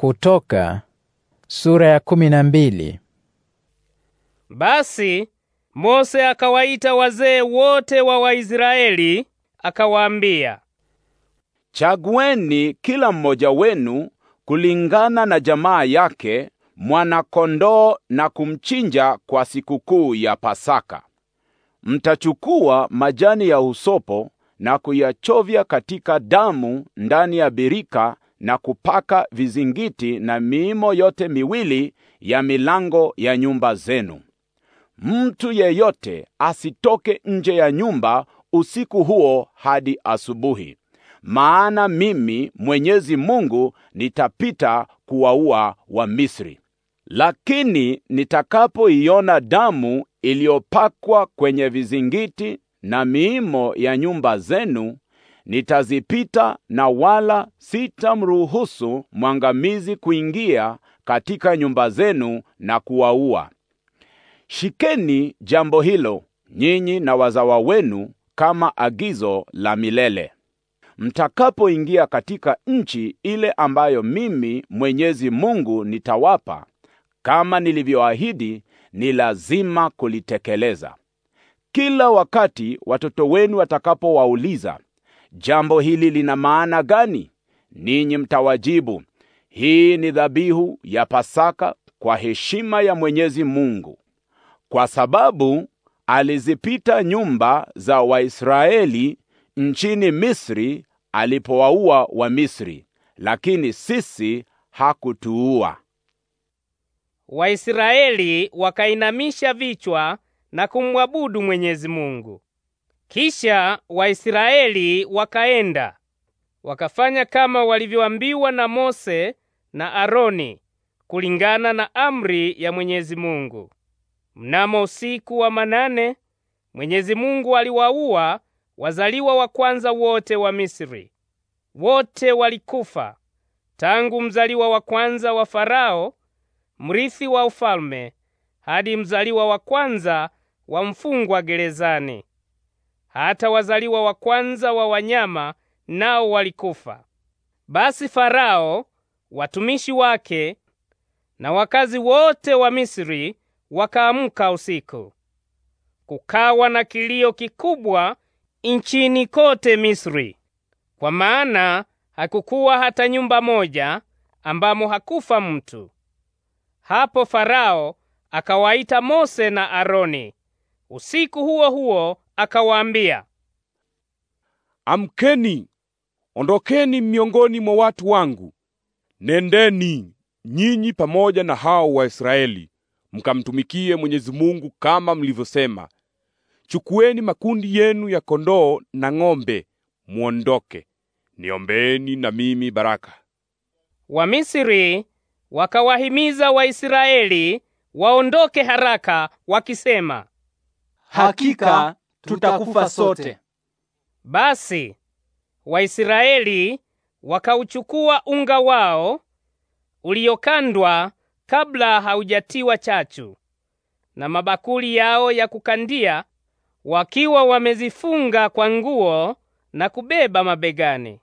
Kutoka sura ya kumi na mbili. Basi Mose akawaita wazee wote wa Waisraeli akawaambia, chagueni kila mmoja wenu kulingana na jamaa yake mwana kondoo na kumchinja kwa sikukuu ya Pasaka. Mtachukua majani ya usopo na kuyachovya katika damu ndani ya birika na kupaka vizingiti na miimo yote miwili ya milango ya nyumba zenu. Mtu yeyote asitoke nje ya nyumba usiku huo hadi asubuhi, maana mimi Mwenyezi Mungu nitapita kuwaua Misri. Lakini nitakapoiona damu iliyopakwa kwenye vizingiti na miimo ya nyumba zenu, nitazipita na wala sitamruhusu mwangamizi kuingia katika nyumba zenu na kuwaua. Shikeni jambo hilo nyinyi na wazawa wenu kama agizo la milele, mtakapoingia katika nchi ile ambayo mimi Mwenyezi Mungu nitawapa. Kama nilivyoahidi, ni lazima kulitekeleza. Kila wakati watoto wenu watakapowauliza Jambo hili lina maana gani? Ninyi mtawajibu, hii ni dhabihu ya Pasaka kwa heshima ya Mwenyezi Mungu, kwa sababu alizipita nyumba za Waisraeli nchini Misri alipowaua Misri, lakini sisi hakutuua. Waisraeli wakainamisha vichwa na kumwabudu Mwenyezi Mungu. Kisha Waisraeli wakaenda wakafanya kama walivyoambiwa na Mose na Aroni kulingana na amri ya Mwenyezi Mungu. Mnamo usiku wa manane Mwenyezi Mungu aliwaua wazaliwa wa kwanza wote wa Misri. Wote walikufa tangu mzaliwa wa kwanza wa Farao, mrithi wa ufalme, hadi mzaliwa wa kwanza wa mfungwa gerezani. Hata wazaliwa wa kwanza wa wanyama nao walikufa. Basi Farao, watumishi wake na wakazi wote wa Misri wakaamka usiku. Kukawa na kilio kikubwa nchini kote Misri, kwa maana hakukuwa hata nyumba moja ambamo hakufa mtu. Hapo Farao akawaita Mose na Aroni. Usiku huo huo akawaambia, Amkeni, ondokeni miongoni mwa watu wangu, nendeni nyinyi pamoja na hao Waisraeli mkamtumikie Mwenyezi Mungu kama mlivyosema. Chukueni makundi yenu ya kondoo na ng'ombe, muondoke. Niombeeni na mimi baraka. Wamisri wakawahimiza Waisraeli waondoke haraka, wakisema, hakika tutakufa sote. Basi Waisraeli wakauchukua unga wao uliokandwa kabla haujatiwa chachu na mabakuli yao ya kukandia, wakiwa wamezifunga kwa nguo na kubeba mabegani.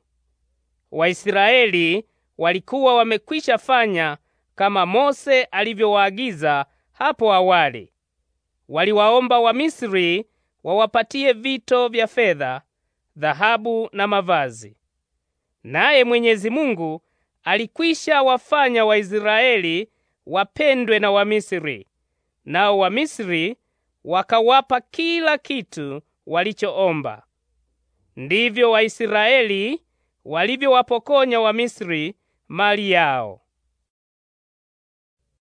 Waisraeli walikuwa wamekwisha fanya kama Mose alivyowaagiza hapo awali. Waliwaomba Misri wawapatie vito vya fedha, dhahabu na mavazi. Naye Mwenyezi Mungu alikwisha wafanya Waisraeli wapendwe na Wamisri, nao Wamisri wakawapa kila kitu walichoomba. Ndivyo Waisraeli walivyowapokonya Wamisri mali yao.